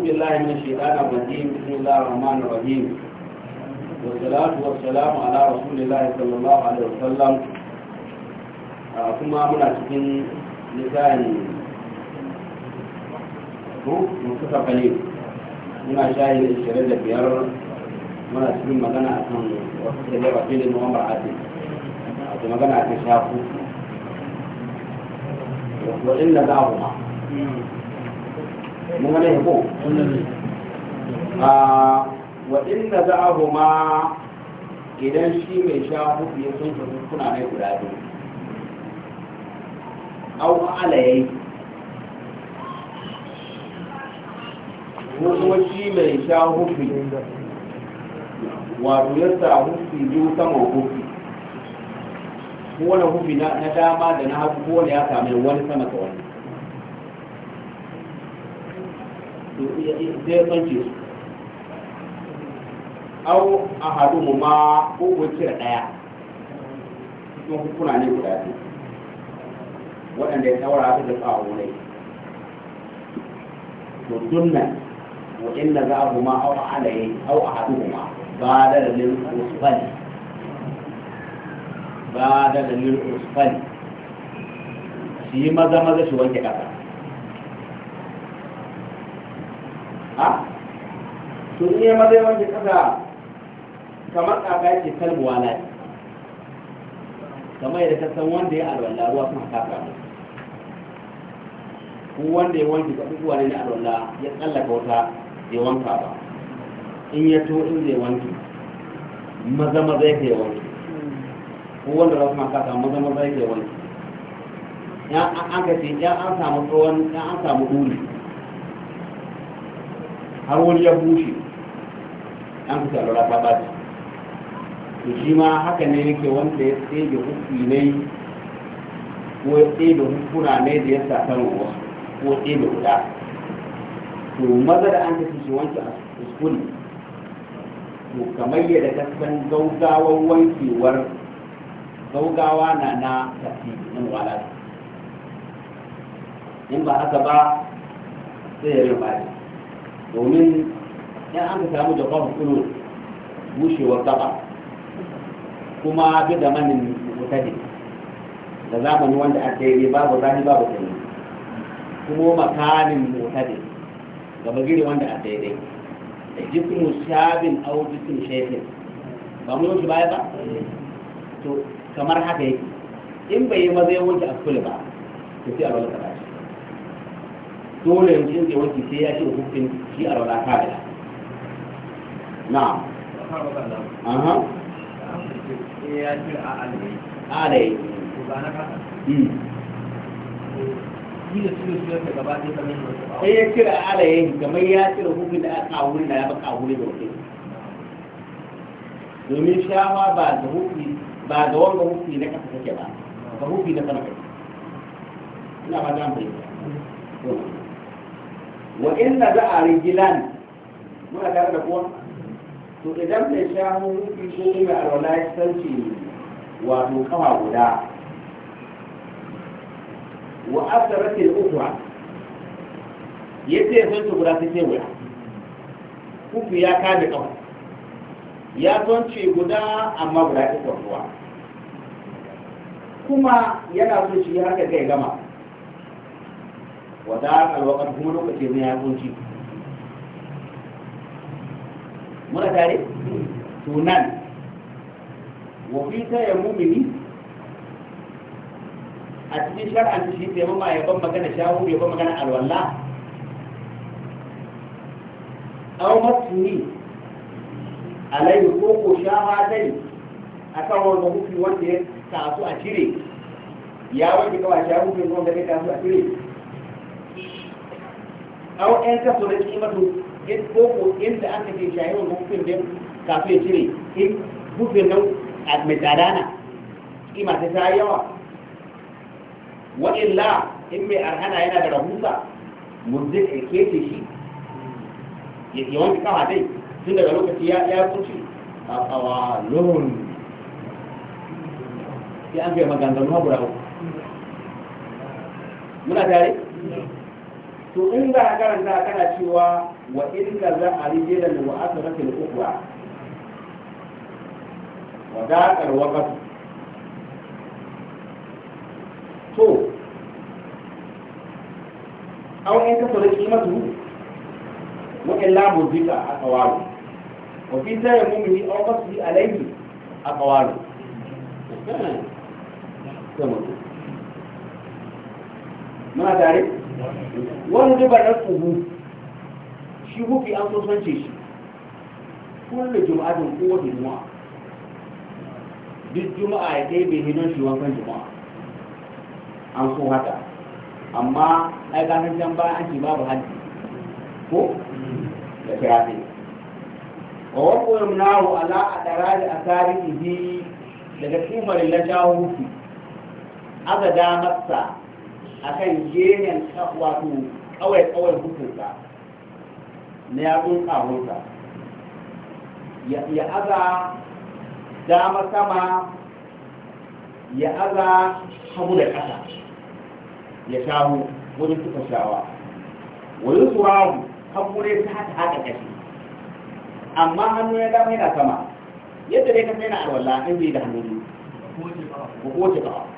أعوذ بالله من الشيطان الرجيم بسم الله الرحمن الرحيم والصلاة والسلام على رسول الله صلى الله عليه وسلم cikin ko kale muna muna cikin magana akan wasu da yawa ke da Muhammad Hafiz da magana akan shafu wa za mun gane ko a ah, wa inna za'ahuma idan shi mai sha hudu ya sun tafi kuna mai guda biyu au ala yayi ko kuma shi mai sha hudu wato ya sa hudu biyu sama hufi ko wani hufi na dama da na ko wani ya sami wani sama ka wani zai tsanke su au a haɗu mu ma ko wakil ɗaya cikin hukuna ne guda biyu waɗanda ya tsawara su da tsawo ne to dunnan waɗanda za a huma au a halaye au a haɗu mu ma ba da dalil usfani ba da dalil usfani shi maza maza shi wanke ƙasa a to in ya maza yawan kasa kamar kaka ce kalbuwa na ne kamar yadda kasan wanda ya alwala ruwa kuma kaka ne ko wanda ya wanke ka duk wani alwala ya tsallaka wata ya wanka ba in ya to in zai wanke maza maza ya wanke ko wanda ruwa kuma kaka maza maza ya wanke ya an ka ce ya an samu tsohon ya an samu duri har wani ya bushe an fi da rafa ba to shi ma haka ne yake wanda ya tsege hukumi ne ko ya tsege hukuna ne da ya sa ruwa ko tsege guda to maza da an tafi shi wanke a kuskure to kamar yadda ka san gaugawar wankewar gaugawa na na tafi na su, in ba haka ba sai ya rufa domin yan an samu da kwan kuro bushewar gaba kuma bi da manin ne da zamani wanda aka yi babu rani babu tsaye kuma makanin mutane ga bagiri wanda aka yi dai jikin shabin au jikin shekin ba mu yi baya ba to kamar haka yake in bai yi maza yawanci a kula ba to sai a wani dole mutum zai wanki sai ya ce da hukun shi a rana ka da na aha alai hmm. sai ya cire alayin kamar ya cire hukun da aka wuri da ya baka wuri da wuce domin shawa ba da hukun ba da wanda hukun na kasa take ba ba hukun na sama kai ina ba za mu yi wa inna za a rigilan muna tare da kuwa to idan mai shahu rufi ko mai alwala ya sanci wato kawa guda wa asaratil ukwa yadda ya sanci guda ta ce wuya kuku ya kada kawa ya sanci guda amma guda ta kwarwa kuma yana so shi haka kai gama wada alwakan kuma lokaci ne ya kunci muna tare tunan wafita ya mumini a cikin shar'an shi ne mama ya ban magana shahu ya ban magana alwala aw matni alai ko ko shahadai akan wanda hukumi wanda ya kasu a cire ya wanke kawai shahu ne wanda ya kasu a cire aw an kasu da kimatu in koko inda aka ce shayi wa hukun ɗin kafin ya cire in hukun nan a mai tsada na kima ta ta yawa wa la in mai arhana yana da rahusa muzik ya kece shi ya ke wani kama dai tun daga lokaci ya ya kuce a kawa lohun ya an fiye maganganu haɓura hau muna tare to in za a karanta kana cewa wa in ka za a rige da wa aka rafi da ukuwa wa daƙar waƙasu to wani yi kasa da masu wa illa muzika a kawalu wa fi sayar mumini an kasu alaihi a kawalu muna tare wani duba na kuhu shi hufi an kusance shi kullum kowa da juma'a duk juma'a ya ɗaya bai hinan shi wankan juma'a an so haka amma ai ganin can ba an ce babu hajji ko da kira ne wa wako yamnahu ala tsari asarihi daga tumarin farillan shahu hufi aga damarsa akan genen wato kawai kawai hukunsa na yatsun kawunta ya aza dama sama ya aza hagu da ƙasa ya shahu wajen suka shawa wajen turahu hagu ne ta haka haka kashi amma hannu ya dama yana sama yadda dai ka sai na alwala in bai da hannu ko ce ba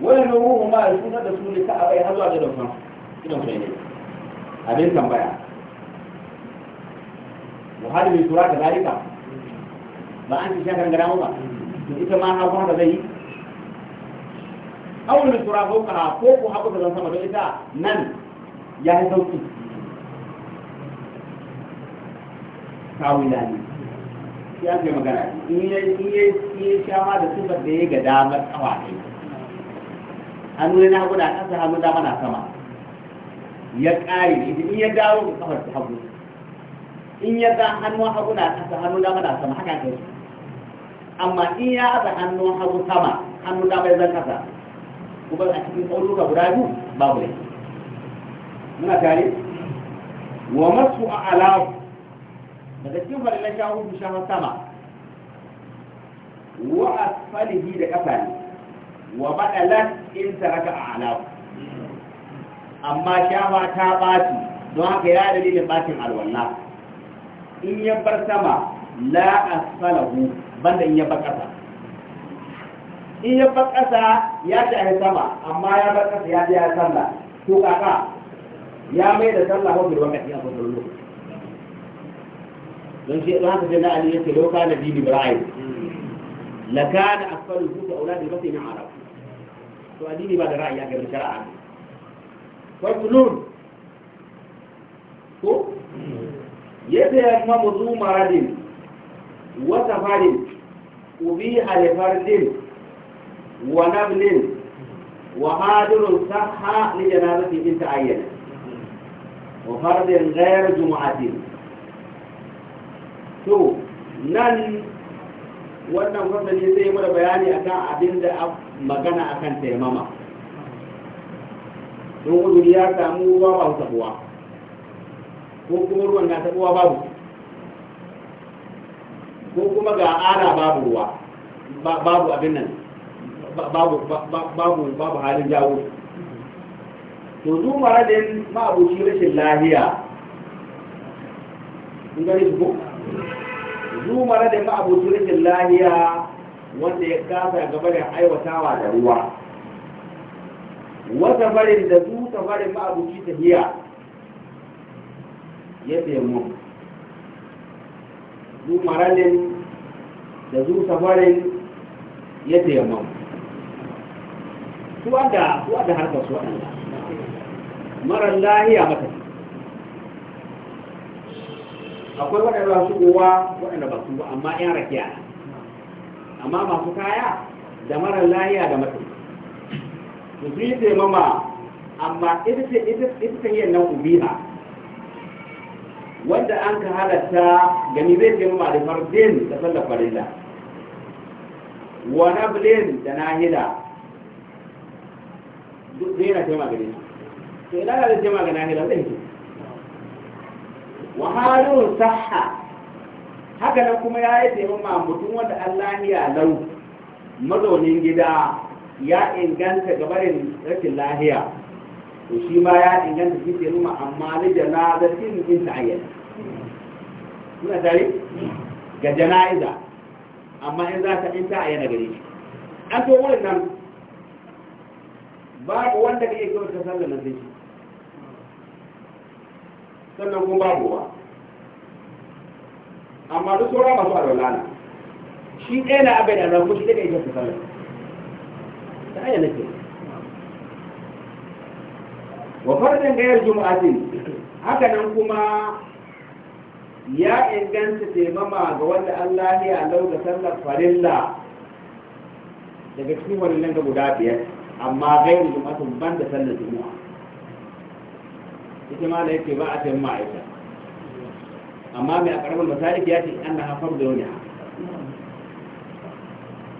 wani ruhu ma ya cutar da su ne ka abai har zuwa gidan sun gidan sun ne abin tambaya wahali mai tura ka zalika ba an ci shakar gara ba ita ma ha kuma da zai yi awon mai tura ko ka ko ko haɓu ka zan sama don ita nan ya yi sauki kawula ne ya ce magana in yi shawa da sifar da ya ga damar tsawa ne hannu ne na hagu na ƙasa hannu dama na sama ya ƙare in ya dawo ga kafar ta hagu in ya ga hannu hagu na ƙasa hannu dama na sama haka kai amma in ya aza hannu hagu sama hannu dama ya zan kasa kuma a cikin ga guda biyu babu ne muna tare wa masu a'ala daga cikin farillan shahu shahu sama wa asfalihi da ƙasa ne wa baɗalar in taraka a alawu amma shafa ta ɓaci don haka ya dalilin ɓacin alwallah in ya bar sama la asfalahu banda in ya bar ƙasa in ya bar ƙasa ya shafi sama amma ya bar ƙasa ya biya sallah to kaka ya mai da sallah wa birwan kashi a lokaci don shi don haka sai na ali ke lokacin da bibi ibrahim لكان أسفل الجود أولاد المسيح مع عرب سؤاليني بعد رأيي أجل شرعا فالظنون هو يبقى أمام ذو مرد وسفر أبيح لفرد ونبل وهادر صحة لجنابة إن تعين وفرد غير جمعة تو نن wannan ne zai yi mana bayani akan abin da magana akan taimama don uzuri ya samu ruwa babu tabuwa ko kuma ruwan na tabuwa babu ko kuma ga ara babu ruwa babu abin nan babu babu halin jawo to zu maradin shi rashin lahiya kun gani su ko zumara da abu rikin lahiya wanda ya kasa gaba da aiwatawa da ruwa wata farin da zu ta farin abu ta hiya ya taimu zumaralin da zu ta farin ya taimu su wanda harkar su waɗanda marar lahiya mata akwai waɗanda su kowa waɗanda ba su amma yan rakiya amma masu kaya da marar lahiya da mutum su su yi taimama amma ita ce ita ta yin nan ubiha wanda an ka halatta gani zai taimama da fardin da sallar farilla wani nablin da nahila duk zai na taimaka gare su to ina da taimama hida zai hito wa halun sahha haka nan kuma ya yi taimama mutum wanda Allah ya lau mazaunin gida ya inganta gabarin rashin lahiya to shi ma ya inganta shi taimama amma ni janazatin in ta'ayyana suna tare ga jana'iza amma in za ta in ta'ayyana gare shi an to wurin nan babu wanda kake kawai ta sallar nan sai sannan kuma babu ba amma duk sauran masu alwala na shi ɗaya na abin alwala kuma shi ɗaya ya fi sallar ta hanyar nake wa farɗin gayar juma'atin haka nan kuma ya inganta taimama ga wanda Allah ne a lauda sallar farilla daga cikin wannan ga guda biyar amma gairu juma'atun ban da sallar juma'a ita ma da yake ba a tayin ma'aikata amma mai a karamar masalik ya ce an na hafar da wani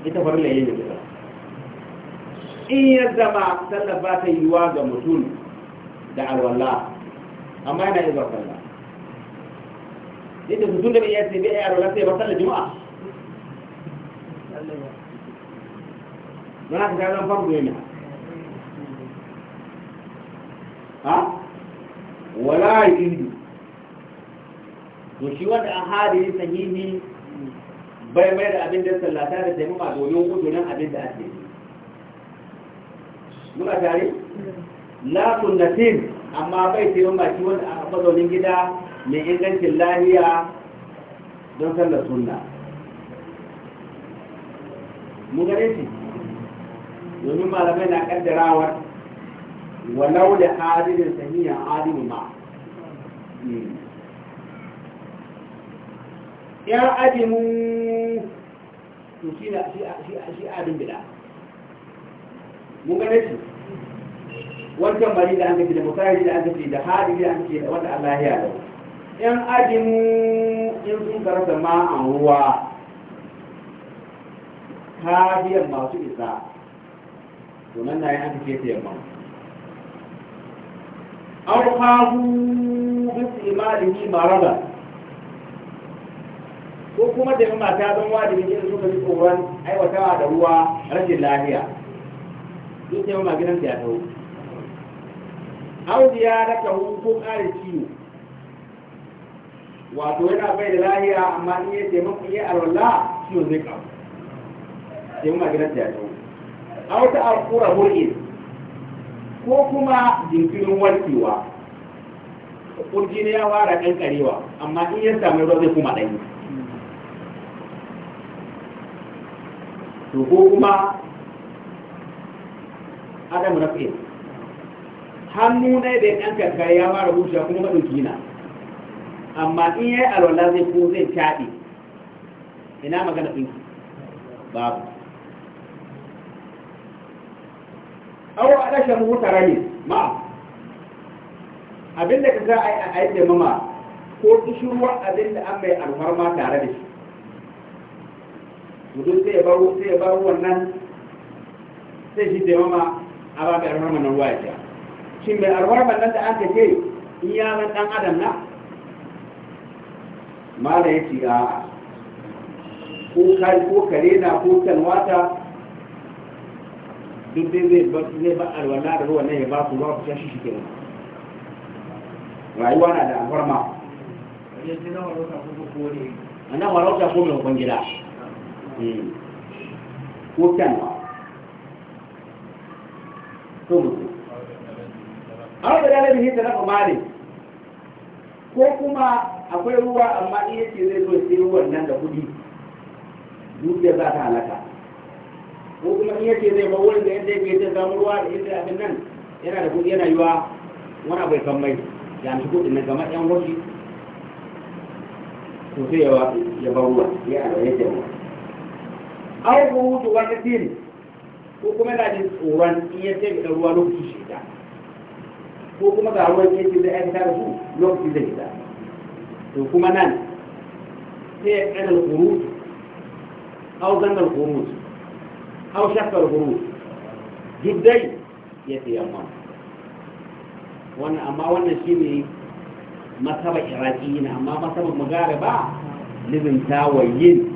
ita farla yi ne kusa in ya zama sallar ba ta yiwa ga mutum da alwala amma yana iya zuwa sallah yadda mutum da bai iya sai bai iya alwala sai ba sallar juma'a don haka ta zan farko ne ha wala yaqidu to shi wanda an hadiri sahihi bai mai da abin da sallata da taimaka domin udurin abin da ake yi muna tare Na sunnatin amma bai taimama baki wanda a mazaunin gida mai ingancin lahiya don sallar sunna mun gane shi domin malamai na kaddarawar walau da adilin sahiya adilin ma ya adimu to shi na shi adin bida mun gane shi wancan bari an gaji da musayar da an gaji da hadi da an gaji da wanda Allah ya yaro yan adimu in sun karasa ma an ruwa kafiyar masu isa to na yi an kace ta yamma arhahu bisimalihi imalihi marada ko kuma da mata don wadi ne ne suka ji tsoron aiwatawa da ruwa rashin lafiya duk da mama gidan ya tawo audi ya raka ko kare ciwo wato yana bai da lahiya amma in ya taimaka ya alwala ciwo zai kawo sai ma gidan ya tawo auta alqura hurin ko kuma jinkirin warkewa kurji ne ya wara ɗan karewa amma in ya samu ruwa zai kuma ɗanyi to ko kuma adam rafi hannu ne da ɗan karkar ya wara bushe kuma maɗauki na amma in ya yi alwala zai ko zai caɗe ina magana ɗinki babu aw ala sharu mutarani ma abinda ka za a yi a ayyade mama ko kishirwa abinda an mai alfarma tare da shi mutum sai ya baro sai ya baro wannan sai shi taimama a ba mai alfarma na ruwa ya sha shin mai alfarma nan da an ka ce in ya zan dan adam na da ya ce a ko kare na ko kanwata duk dai zai ba zai ba alwala da ruwa ne ya ba ku ku shi kenan rayuwa na da alfarma a ko mai hukun gida hmm. ko ko mutu hita na kumari ko kuma akwai ruwa amma iya ce zai zo sai ruwan nan da kudi dukiya za ta halaka ko kuma in yace zai bar wani da yadda ya ce samu ruwa da yadda abin nan yana da kudi yana yiwa wani abu kan mai ya fi kudin nan kamar yan wasu to sai ya ya bar ruwa ya alwaye da ruwa aw ko hutu wani din ko kuma yana jin tsoron in ya ce da ruwa lokaci shida ko kuma ga ruwan yake zai fita da su lokaci zai fita to kuma nan sai ya ƙarar kurutu aw zangar kurutu أو شق الغروب جدي يتيمم وانا أما وانا شيني مذهب إراديين أما مذهب مغاربة لازم تاويين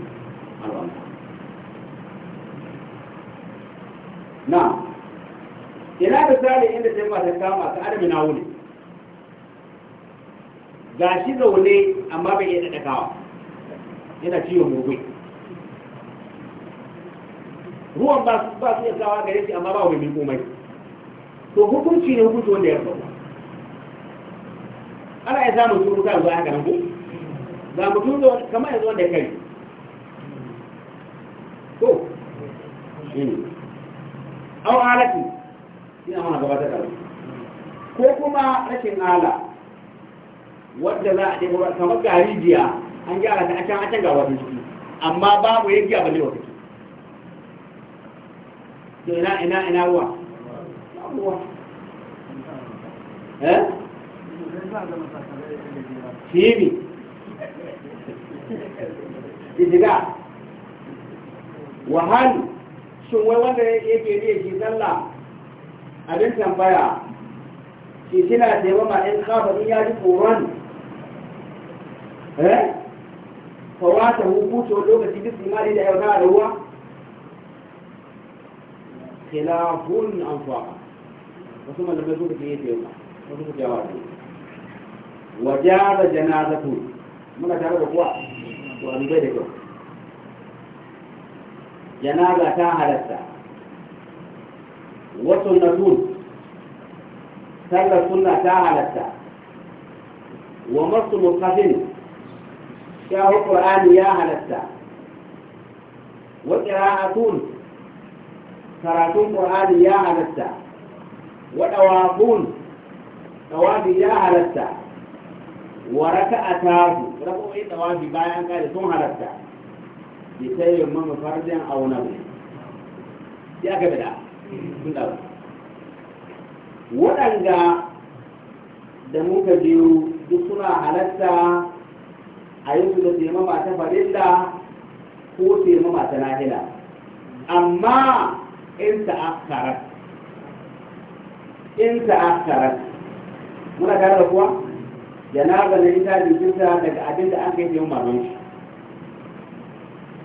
نعم ina misali inda jama'a ta kama ta armi na wuni ga shi zaune amma bai iya daɗa kawa yana ciwon gobe. ruwan ba ba su iya kawa gare shi amma ba wani komai to hukunci ne hukunci wanda ya sauka ana ya samun tun rubuta zuwa haka nan ko mu tun zuwa kamar yanzu wanda ya kai to shine au alati ina mana gabatar da ko kuma rashin ala wadda za a ɗaya kamar garijiya an gyara ta a can a can ga wata ciki amma babu ya giya ne wata ciki to ina ina ina wa eh shi idiga wahal shin wai wanda ya yake ne shi sallah abin tambaya shi suna taimama in kafa in ya ji tsoron eh fawata hukuto lokaci duk imani da yau na ruwa khilafun an fa'a wasu malamai suka ce yake yawa wasu suka yawa ne wajaza janazatu muna tare da kuwa to an bai da kyau janaza ta halatta wa sunnatun sallar sunna ta halatta wa masu muqaddin shahu qur'ani ya halatta wa qira'atun karatun qur'ani ya halatta wa dawabun dawabi ya halatta wa raka'atahu raka'o'i dawabi bayan kai sun halatta bi sayyin man farjan aw nabi ya ga bada sun ɗau. waɗanda da muka biyu duk suna halatta a yi su da taimama ta farilla ko taimama ta nahila amma in ta'akkarat in ta'akkarat muna tare da kuwa janaba na ita jinkirta daga abin da an kai yin malon shi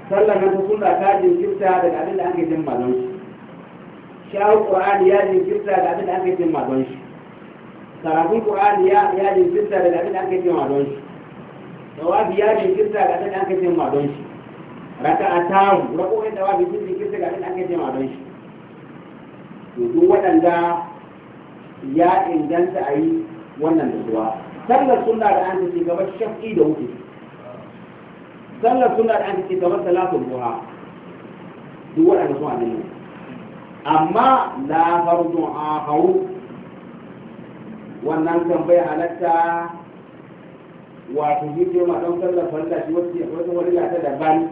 sallar na sunna ta jinkirta daga abin da an kai yin malon shi shawo qur'ani ya jinkirta daga abin da an kai yin malon shi karatun qur'ani ya jinkirta daga abin da an kai yin malon shi tawafi ya jinkirta daga abin da an kai yin malon shi raka'a tamu rako'in tawafi sun jinkirta daga abin da an kai yin malon shi to duk waɗanda ya inganta a yi wannan da zuwa, sallar suna da an ce gaba shafi da wuce sallar suna da an ce gaba salatul duha duk waɗanda da annabi amma la a hau. wannan kan bai halatta wato yi ce ma don sallar farilla shi wata wani ta daban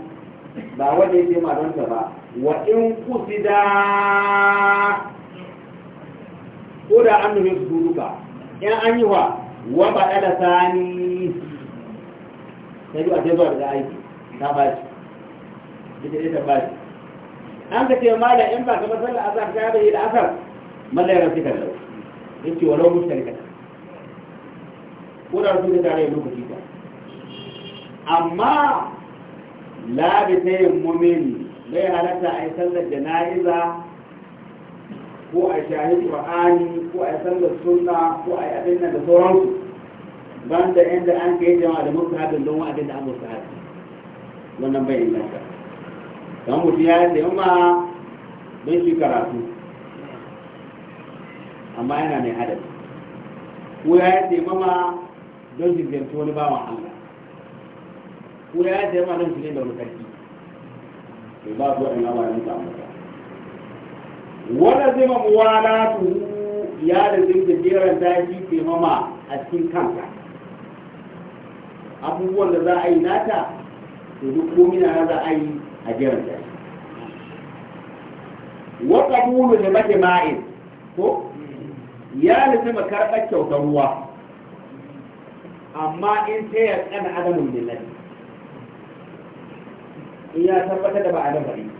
ba wanda ya ce ma don ta ba wa in da ko da an nuhin su duka in an yi wa wa baɗa da sani ta yi a ce zuwa daga aiki ta ba shi ita ita ba shi an ka ce ma da in ba ka masalla a zaka ya da asar mallai rafi kan lau in ce walau mustarika ko da rafi da tare lokaci ta amma la bi tayin mumin bai halatta a yi sallar jana'iza ko a shahi qur'ani ko a da sunna ko a abin da sauransu da inda an kai jama'a da haɗin don wa'adin da an mustahabi wannan bai inganta don mutum ya ce ma don shi karatu amma yana mai hadari ko ya ce mama don shi ziyarci wani bawan Allah ko ya ce mama don shi ne da wani sarki to ba su waɗanda wanda zima muwala tu ya da zai da jeran daji ke mama a cikin kanta, abubuwan da za a yi nata to duk komina na za a yi a jeran daji wa qabulu da majma'in ko ya ma karɓar kyautar ruwa amma in ta ya tsana adamun millati in ya tabbatar da ba a ne.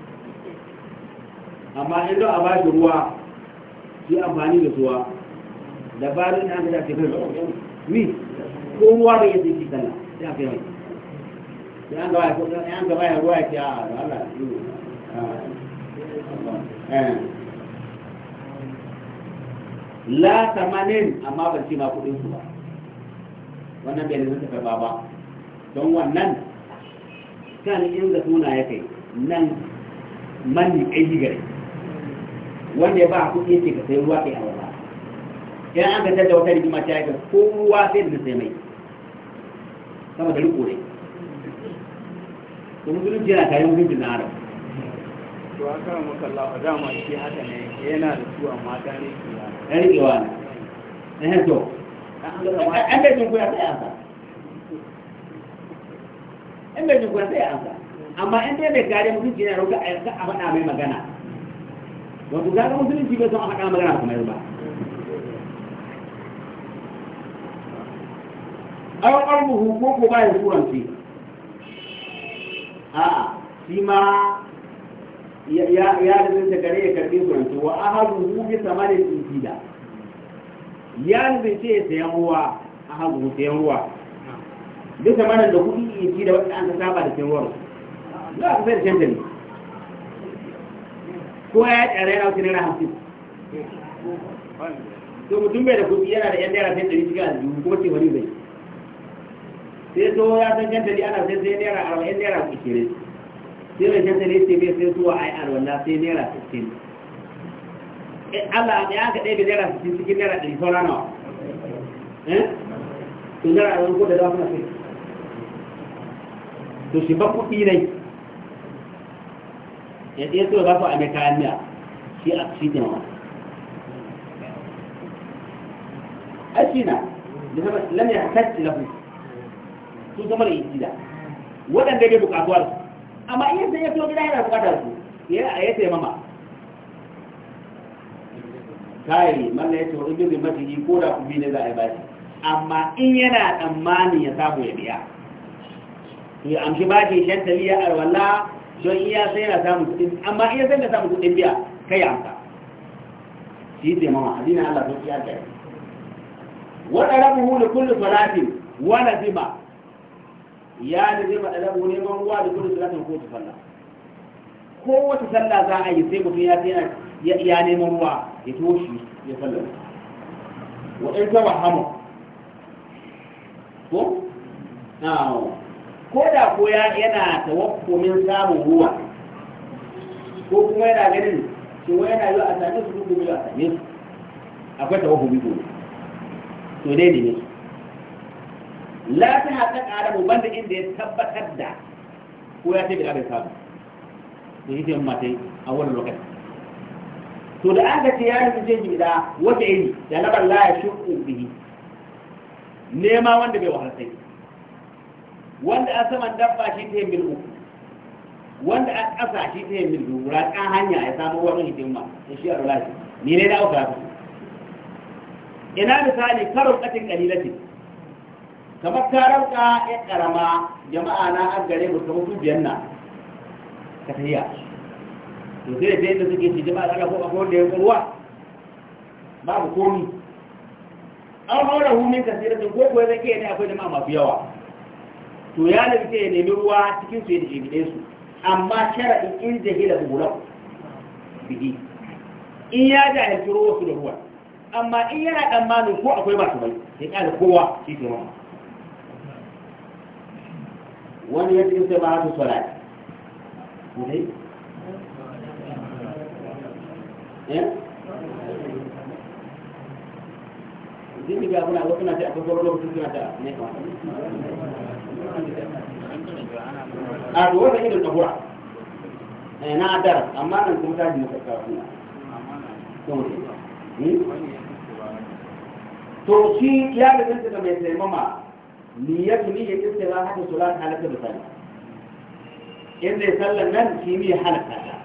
amma inda a bashi ruwa shi amfani da suwa da bayan da an gaza ce kai mi ko ruwa da yake shi kana sai fi mai sai an gaba ya an ba ya ruwa ya ah, a Allah ah. eh. la tamanin amma ban ce ma kudin su ba wannan bai da ta karba ba don wannan kan inda suna ya kai nan mani kai gare wanda ya ba a kuɗi yake ka sayi ruwa kai wata idan an gantar da wata rigima ta yaka ko ruwa sai da sai mai sama da riko ne to musulunci yana tare musulunci na arab to a kama makalla a dama shi haka ne yana da su amma ta ne ke ya ne eh to an da jin kuya sai an sa in bai jin kuya sai an sa amma in dai bai kare mutunci na roƙa a faɗa mai magana wato ga ga musulunci bai son a haɗa magana kamar ba aw arbuhu ko ko bayan surance a'a shi ma ya ya da gare ya karbe surance wa A ahaduhu bi samanin da? ya da ce sayan ruwa A ahaduhu sayan ruwa bi samanin da kuɗi da wanda an ta saba da sayan ruwa za a kusa da canjani ko ya tsara yana wuce naira hamsin to mutum bai da kuɗi yana da yan naira sai ɗari aljihu ce wani sai so ya san jan ana sai sai naira arba'in naira sai mai jan sai sai zuwa ai arwanda sai naira sittin eh, Allah ya ka ɗaya da naira sittin cikin naira ɗari nawa eh? to naira arba'in ko da dawa suna sai to shi ba kuɗi ne ya ɗaya ba ku a mai kayan miya shi a shi ne ma a shi na lam ya hakat lafi su zama da ijila waɗanda bai bukatuwar su amma iya sai ya fito gida yana bukatar su ya a ya mama kai mallan ya ce wani mafi yi ko da kubi ne za a yi bashi amma in yana tsammanin ya samu ya biya to ya amshi bashi shan taliya arwala don iya sai yana samun kudin amma iya sai yana samun kudin biya kai amsa shi ce mama adina Allah sun iya kai wa rabu li kullu salatin wa zima ya lazima darabuhu ne man ruwa da kullu salatin ko ta falla, ko wata salla za a yi sai mutum ya sai ya neman ruwa ya toshi ya sallah wa in tawahhamu ko na'awa ko da ko yana tawakkumin samun ruwa ko kuma yana ganin cewa yana yi a sami su duk a sami su akwai tawakkumi gobe to dai ne ne ta haka kara mu banda inda ya tabbatar da ko ya ce da abin samu da shi yin matai a wani lokaci to da an ce ya rubuce shi gida wata yi da na balla ya shuku bihi nema wanda bai wahalsai wanda a saman dabba shi ta yi mil uku wanda a ƙasa shi ta yi mil biyu raƙa hanya ya samu wani hidima ta shi a rulashi ni ne da auka ina misali karon ƙasin ƙalilatin kamar ka rauka ya ƙarama jama'a na an gare mu kamar su biyan na ka tafiya to sai da tayin da suke shi jama'a daga ko akwai wanda ya ruwa babu komi an haura humin kasiratun ko kuwa zai iya ne akwai jama'a masu yawa to ya nufi ya nemi ruwa cikin su ya jigide su amma sharaɗin in jahila buhulahu bihi in ya jahilci ruwa su da ruwa amma in yana tsammani ko akwai masu bai ya kyale kowa shi ke mawa wani ya cikin sai ba su salati ne eh? zai ga muna wasu na ta akwai gwamnati suna ta ne kamar a ruwa da irin tahura eh, na adar amma nan kuma ta ji masa kafin hmm? to shi ya gabata da mai taimama niyyatu ni ya kirkira haka salat halaka da sallah in zai sallar nan shi ne halaka ta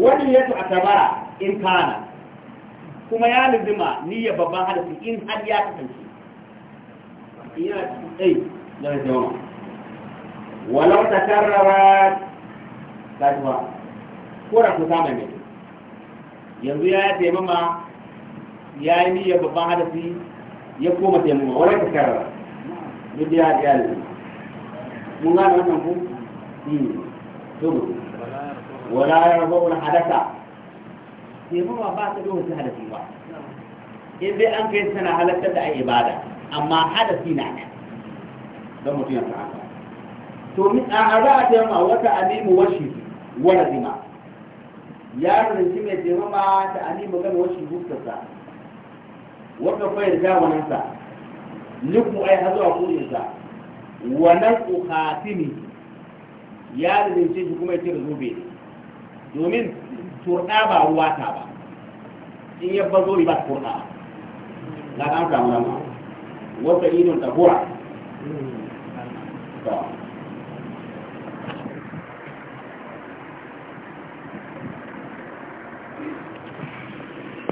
wani ya ta'atabara in kana kuma ya lizima ya babban hadasi in har ya kasance yana cikin tsayi na jama'a walau ta ko da kusa mai yanzu ya yi taimama ya yi niyyar babban hadasi ya koma taimama walau ta karrara duk da ya ɗaya ne mun gane wannan ku taimama ba ba in dai an kai sana da a ibada amma hadasi na nan don mutum ya fa'ata to mi a arba'a a yamma wata amimu washi wala zima yaron shi mai taimama ta amimu gama washi fuskarsa wata fayar jawanansa lukmu ai hazuwa kudinsa wa nan ku khatimi ya rinci shi kuma ya ce zobe domin turɗa ba ruwa ta ba in ya bazo ba turɗa na ɗan samu rama wa sa'idun tabura hmm.